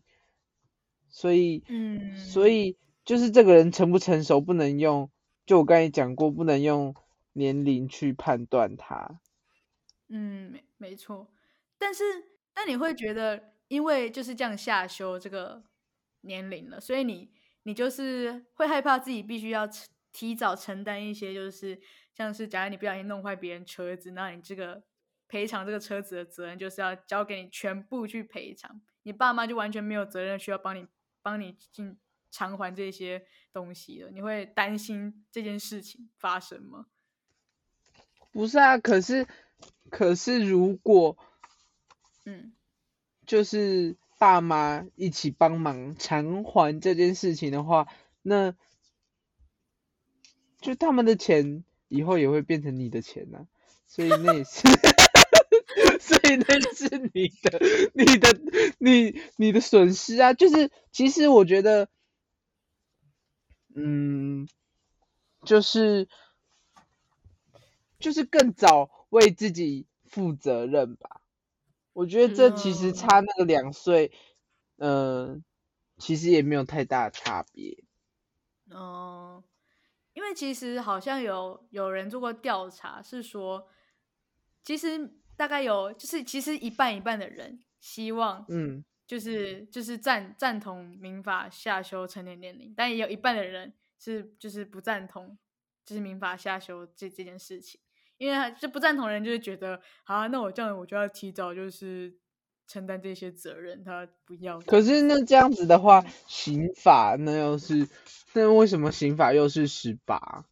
所以，嗯，所以就是這個人成不成熟，不能用，就我剛才講過，不能用。年齡去判斷他，嗯，沒沒錯，但是那你會覺得，因為就是這樣下修這個年齡了，所以你你就是會害怕自己必須要提早承擔一些，就是像是假如你不小心弄壞別人車子，那你這個賠償這個車子的責任就是要交給你全部去賠償，你爸媽就完全沒有責任需要幫你幫你進償還這些東西了。你會擔心這件事情發生嗎？不是啊，可是，可是如果，嗯，就是爸媽一起幫忙償還這件事情的話，那，就他們的錢以後也會變成你的錢啊，所以那也是， 所以那是你的，你的，你，你的損失啊，就是其實我覺得，嗯，就是。就是更早為自己負責任吧，我覺得這其實差那個兩歲，嗯，呃，其實也沒有太大差別，嗯，因為其實好像有有人做過調查，是說其實大概有就是其實一半一半的人希望就是，嗯，就是就是贊贊同民法下修成年年齡，但也有一半的人是就是不贊同，就是民法下修這這件事情。因為他就不贊同人，就是覺得，啊，那我這樣，我就要提早就是承擔這些責任。他不要，可是那這樣子的話， 刑法那又是，那為什麼刑法又是十八？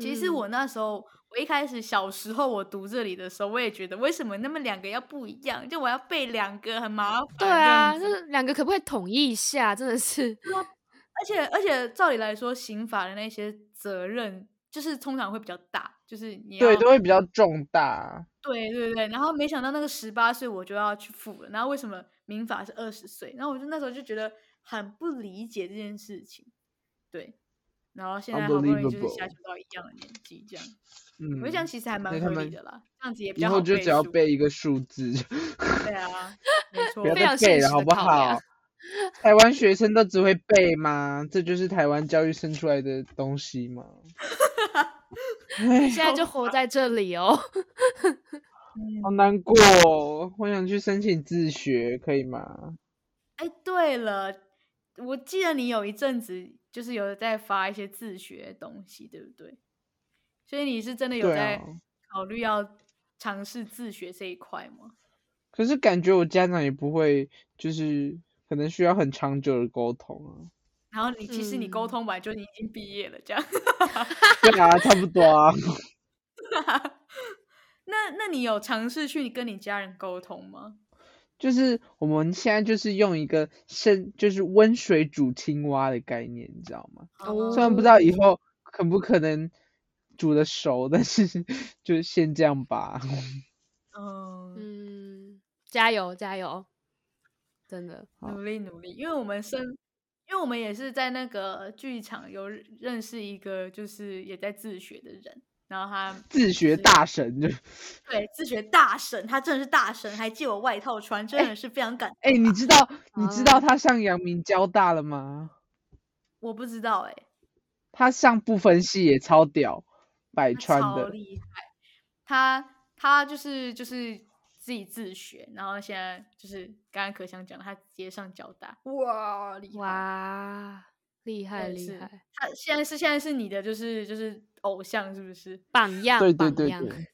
其實我那時候，我一開始小時候我讀這裡的時候，我也覺得，為什麼那麼兩個要不一樣？就我要背兩個很麻煩。對啊，就是兩個可不可以統一一下？真的是，啊，而且而且照理來說，刑法的那些責任。就是通常會比較大，就是對都會比較重大，對對對。然後沒想到那個十八歲我就要去付了，然後為什麼民法是二十歲？然後我就那時候就覺得很不理解這件事情，對。然後現在好不容易就是下去到一樣的年紀這樣，嗯，我想這樣其實還蠻可以的啦、嗯。這樣子也比較。然後就只要背一個數字， 對啊，沒錯， 的不要背了好不好？ 台灣學生都只會背嗎？這就是台灣教育生出來的東西嗎？ 你 現在就活在這裡哦、 哎呦， 好難過哦，我想去申請自學，可以嗎？哎，對了，我記得你有一陣子就是有在發一些自學的東西，對不對？所以你是真的有在考慮要嘗試自學這一塊嗎？哦、可是感覺我家長也不會，就是可能需要很長久的溝通啊。然後你其實你溝通完就你已經畢業了、嗯、這樣。 對啊，差不多啊。 那那你有嘗試去跟你家人溝通嗎？就是我們現在就是用一個生就是溫水煮青蛙的概念，你知道嗎？Oh. 雖然不知道以後可不可能煮得熟，但是就先這樣吧。Oh. 嗯，加油加油，真的，努力努力，因為我們生。因為我們也是在那個劇場有認識一個，就是也在自學的人，然後他、就是、自學大神對，自學大神，他真的是大神，還借我外套穿，欸、真的是非常感動、欸。你知道，你知道他上陽明交大了嗎？嗯、我不知道哎、欸。他上不分系也超屌，百川的。他害他，他就是就是。自己自己學，然後現在就是剛剛可翔講，他接上交大，哇，厲害厲害，害！他現在是現在是你的，就是就是偶像，是不是榜樣對對對對？榜樣。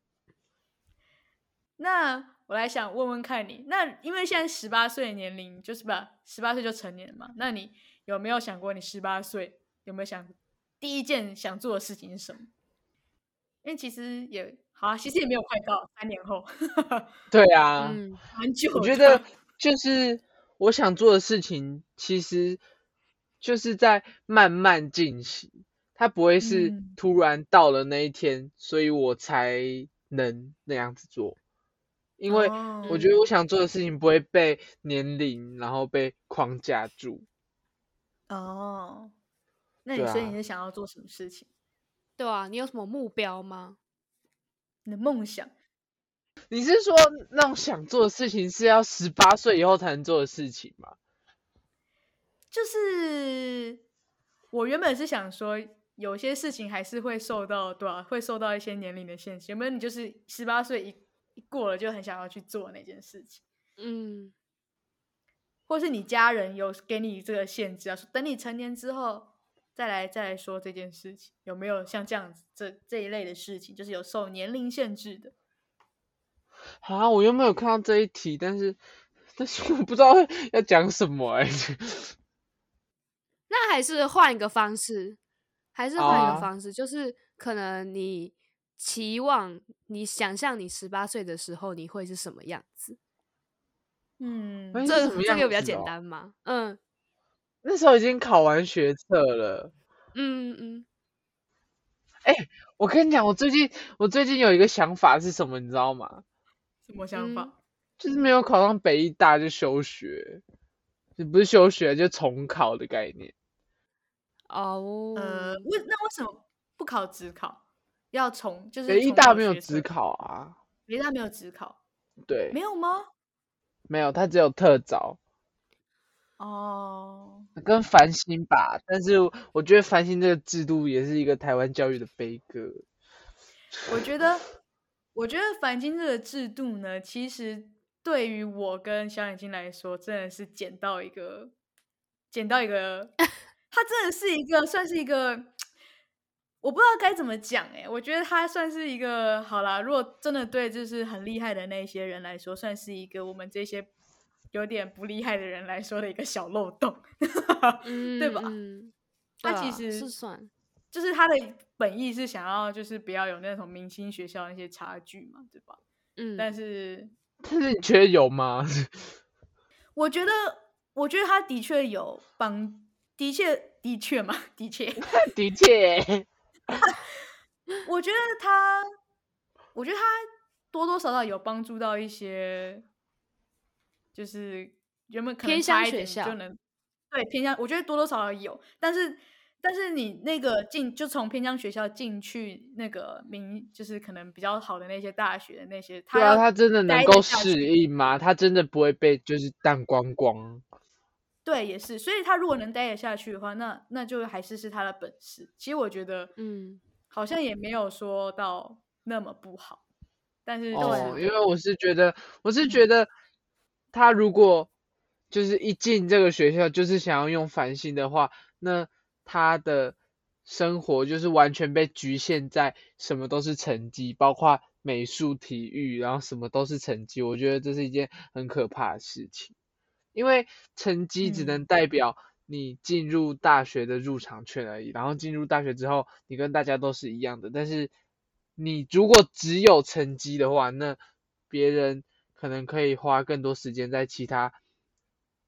那我來想問問看你，那因為現在十八歲的年齡就是吧，十八歲就成年了嘛？那你有沒有想過你，你十八歲有沒有想第一件想做的事情是什麼？因為其實也。好、啊，其實也沒有快到三年後。 對啊，很、嗯、久。我覺得就是我想做的事情，其實就是在慢慢進行，它不會是突然到了那一天、嗯，所以我才能那樣子做。因為我覺得我想做的事情不會被年齡，然後被框架住。哦，那你說你是想要做什麼事情？對啊，對啊，你有什麼目標嗎？你的夢想，你是說那種想做的事情是要十八歲以後才能做的事情嗎？就是我原本是想說，有些事情還是會受到對吧、啊？會受到一些年齡的限制。有沒有你就是十八歲一一過了就很想要去做那件事情？嗯，或是你家人有給你這個限制啊？說等你成年之後，再來，再來說這件事情，有沒有像這樣子，這這一類的事情，就是有受年齡限制的？啊，我又沒有看到這一題，但是，但是我不知道要講什麼而已、欸、 那還是換一個方式，還是換一個方式、啊，就是可能你期望、你想象你十八歲的時候你會是什麼樣子？嗯，欸、這、啊、這個比較簡單嘛，嗯。那時候已經考完學測了，嗯嗯，哎、欸，我跟你講，我最近我最近有一個想法是什麼，你知道嗎？什麼想法？嗯、就是沒有考上北藝大就休學，也不是休學，就重考的概念。哦，呃，為那為什麼不考指考？要重就是重北藝大沒有指考啊？北藝大沒有指考。對。沒有嗎？沒有，它只有特招。哦、oh.，跟繁星吧，但是我覺得繁星這個制度也是一個台灣教育的悲歌。我覺得，我覺得繁星這個制度呢，其實對於我跟小眼睛來說，真的是撿到一個，撿到一個，他真的是一個，算是一個，我不知道該怎麼講誒、欸，我覺得他算是一個，好啦，如果真的對，就是很厲害的那些人來說，算是一個我們這些。有點不厲害的人來說的一個小漏洞，嗯、 對吧、嗯？他其實就是他的本意是想要，就是不要有那種明星學校那些差距嘛，對吧？嗯、但是，但是你覺得有嗎？我覺得，我覺得他的確有幫，的確，的確嘛，的確，的確、欸。我覺得他，我覺得他多多少少有幫助到一些。就是原本可能差一點就能對偏鄉，我覺得多多少少有，但是但是你那個進，就從偏鄉學校進去那個名，就是可能比較好的那些大學的那些，他對啊，他真的能夠適應嗎？他真的不會被就是當光光？對，也是，所以他如果能待得下去的話，那那就還是是他的本事。其實我覺得，嗯，好像也沒有說到那麼不好，但是對、哦。因為我是覺得，我是覺得。嗯他如果就是一進這個學校，就是想要用繁星的話，那他的生活就是完全被局限在什麼都是成績，包括美術、體育，然後什麼都是成績。我覺得這是一件很可怕的事情，因為成績只能代表你進入大學的入場券而已。然後進入大學之後，你跟大家都是一樣的，但是你如果只有成績的話，那別人。可能可以花更多時間在其他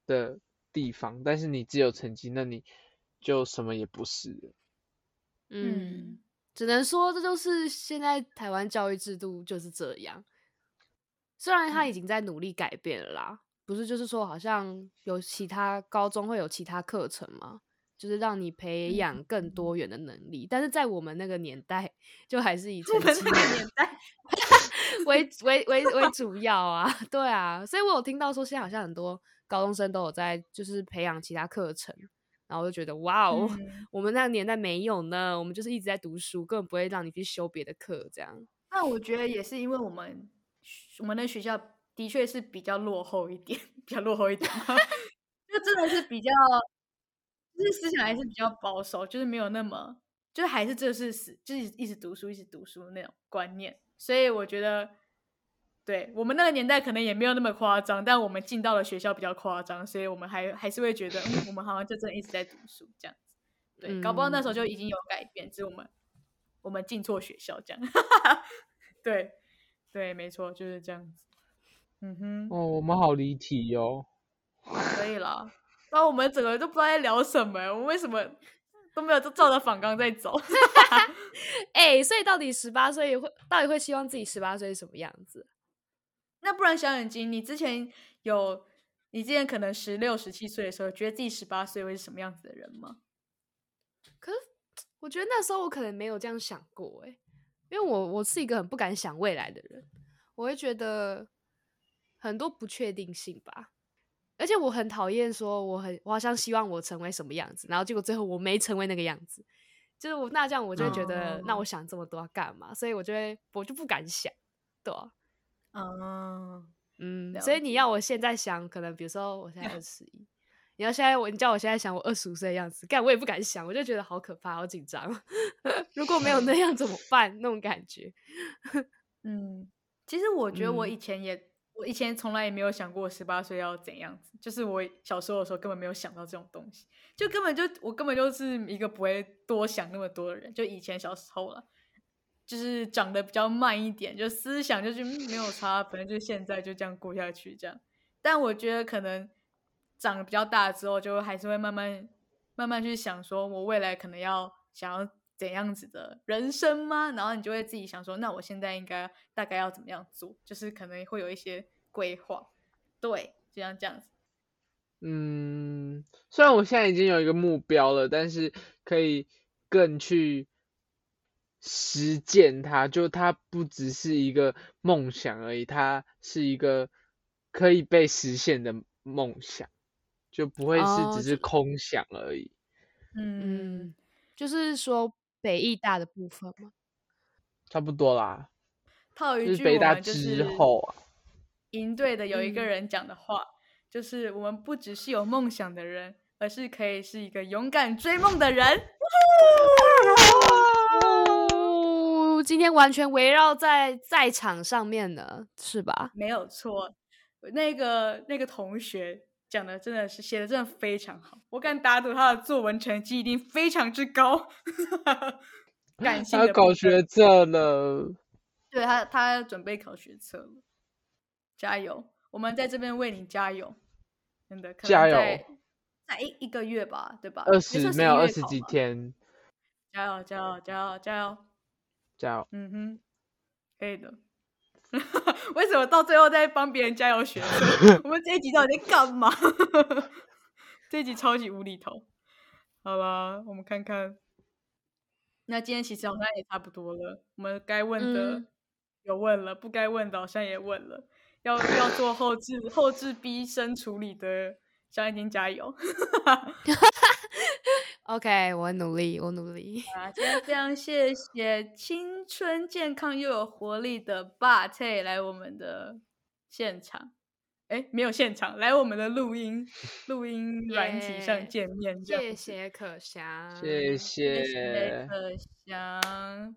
的地方，但是你只有成績，那你就什麼也不是。嗯，只能說這就是現在台灣教育制度就是這樣。雖然他已經在努力改變了啦、嗯，不是就是說好像有其他高中會有其他課程嗎？就是讓你培養更多元的能力、嗯。但是在我們那個年代，就還是以成績的年代。 為為為為主要啊，對啊，所以我有聽到說，現在好像很多高中生都有在就是培養其他課程，然後我就覺得哇哦、嗯，我們那個年代沒有呢，我們就是一直在讀書，根本不會讓你去修別的課這樣。那、嗯啊、我覺得也是因為我們我們的學校的確是比較落後一點，比較落後一點， 就真的是比較就是思想還是比較保守，就是沒有那麼就是還是這是死，就是一直讀書一直讀書的那種觀念。所以我覺得，對我們那個年代可能也沒有那麼誇張，但我們進到了學校比較誇張，所以我們還還是會覺得，我們好像就真的一直在讀書這樣子。對、嗯，搞不好那時候就已經有改變，就是我們我們進錯學校這樣。 對，對，沒錯，就是這樣子。嗯哼。哦，我們好離題喲、哦。可 以了，那我們整個人都不知道在聊什麼，我們為什麼？都沒有照着反光在走，哎、 欸，所以到底十八歲會，到底會希望自己十八歲是什麼樣子？那不然小眼睛，你之前有，你之前可能十六、十七歲的時候，覺得自己十八歲會是什麼樣子的人嗎？可是我覺得那時候我可能沒有這樣想過、欸，哎，因為我我是一個很不敢想未來的人，我會覺得很多不確定性吧。而且我很討厭說我很我好像希望我成為什麼樣子，然後結果最後我沒成為那個樣子，就是我那這樣我就會覺得、Oh. 那我想這麼多幹嘛？所以我就會，我就不敢想，對、啊，Oh. 嗯，所以你要我現在想，可能比如說我現在二十一，你要現在我你叫我現在想我二十五歲的樣子，幹我也不敢想，我就覺得好可怕，好緊張， 如果沒有那樣怎麼辦？ 那種感覺， 嗯，其實我覺得我以前也、嗯。我以前從來也沒有想過十八歲要怎樣子，就是我小時候的時候根本沒有想到這種東西，就根本就我根本就是一個不會多想那麼多的人，就以前小時候了，就是長得比較慢一點，就思想就是沒有差，反正就現在就這樣過下去這樣。但我覺得可能長得比較大之後，就還是會慢慢慢慢去想，說我未來可能要想要怎樣子的人生嗎？然後你就會自己想說，那我現在應該大概要怎麼樣做？就是可能會有一些規劃，對，就像這樣子。嗯，雖然我現在已經有一個目標了，但是可以更去實踐它，就它不只是一個夢想而已，它是一個可以被實現的夢想，就不會是只是空想而已。哦，嗯，就是說。北藝大的部分嗎？差不多啦。套一句，我們之後啊，贏隊的有一個人講的話，嗯，就是我們不只是有夢想的人，而是可以是一個勇敢追夢的人。今天完全圍繞在賽場上面呢，是吧？沒有錯，那個那個同學。講的真的是，寫的真的非常好，我敢打賭他的作文成績一定非常之高。哈哈，他考學測了，對，他他準備考學測了，加油！我們在這邊為你加油，真的加油！可在一一個月吧，對吧？二十沒，沒有二十幾天，加油加油加油加油加油！嗯哼，可以的。 為什麼到最後再幫別人加油學？ 我們這一集到底在幹嘛？ 這一集超級無厘頭。好啦，我們看看。那今天其實好像也差不多了，嗯、我們該問的有問了，不該問的好像也問了。要要做後製後製嗶聲處理的，相信聽加油。 OK，我努力，我努力。啊，今天非常謝謝青春健康又有活力的 Butt 來我們的現場，哎，沒有現場，來我們的錄音錄音軟體上見面。Yeah, 這樣謝謝可翔，謝謝。謝謝可翔。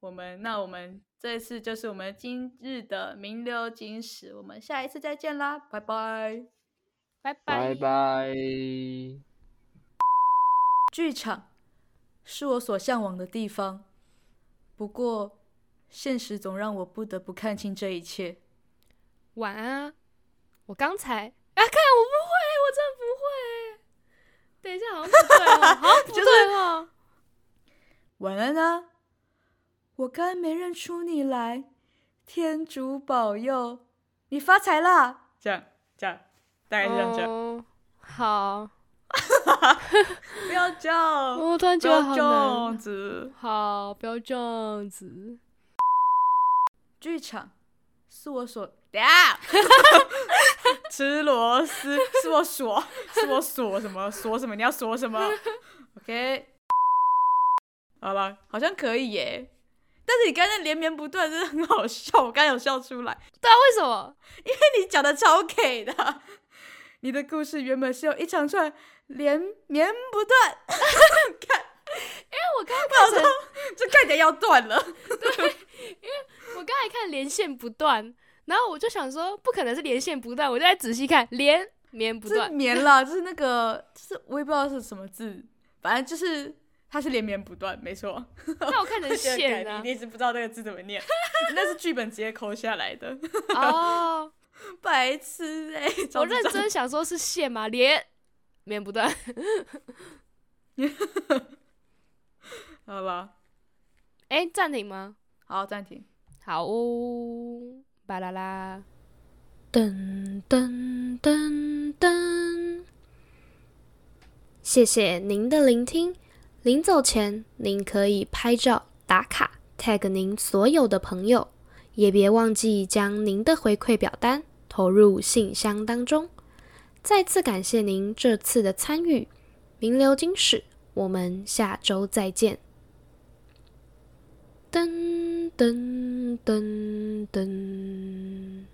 我們，那我們這次就是我們今日的名流金石。我們下一次再見啦，拜拜，拜拜，拜拜。劇場，是我所嚮往的地方。不過，現實總讓我不得不看清這一切。晚安、啊。我剛才……哎、啊，看我不會，我真的不會。等一下，好像不對了，好像不對了， 就對了。晚安啊！我剛沒認出你來。天主保佑，你發財了！這樣，這樣，大概是這樣。Oh, 這樣好。 不要這樣，哦、不要這樣子，好，不要這樣子。劇場是我鎖，吃螺絲是我鎖，是我鎖 什麼鎖 什,什麼？你要鎖什麼？OK，好了，好像可以耶。但是你剛才連綿不斷，真的很好笑，我剛有笑出來。對啊，為什麼？因為你講的超 K 的， 你的故事原本是有一長串。連綿不斷，啊，看，因為我剛才看，就看著要斷了。對，因為我剛才看連線不斷，然後我就想說不可能是連線不斷，我就再仔細看連綿不斷，綿了，就是那個，就是我也不知道是什麼字，反正就是它是連綿不斷，沒錯。那我看成線了，啊，你一直不知道那個字怎麼唸，那是劇本直接摳下來的。哦，白痴哎，欸，我認真想說，是線嘛，連。面不斷 好吧。哎，暫停嗎？好，暫停。好哦，巴啦啦，噔噔噔噔。謝謝您的聆聽。臨走前，您可以拍照打卡，tag 您所有的朋友，也別忘記將您的回饋表單投入信箱當中。再次感謝您這次的參與，名留青史。我們下周再見。噔噔噔噔。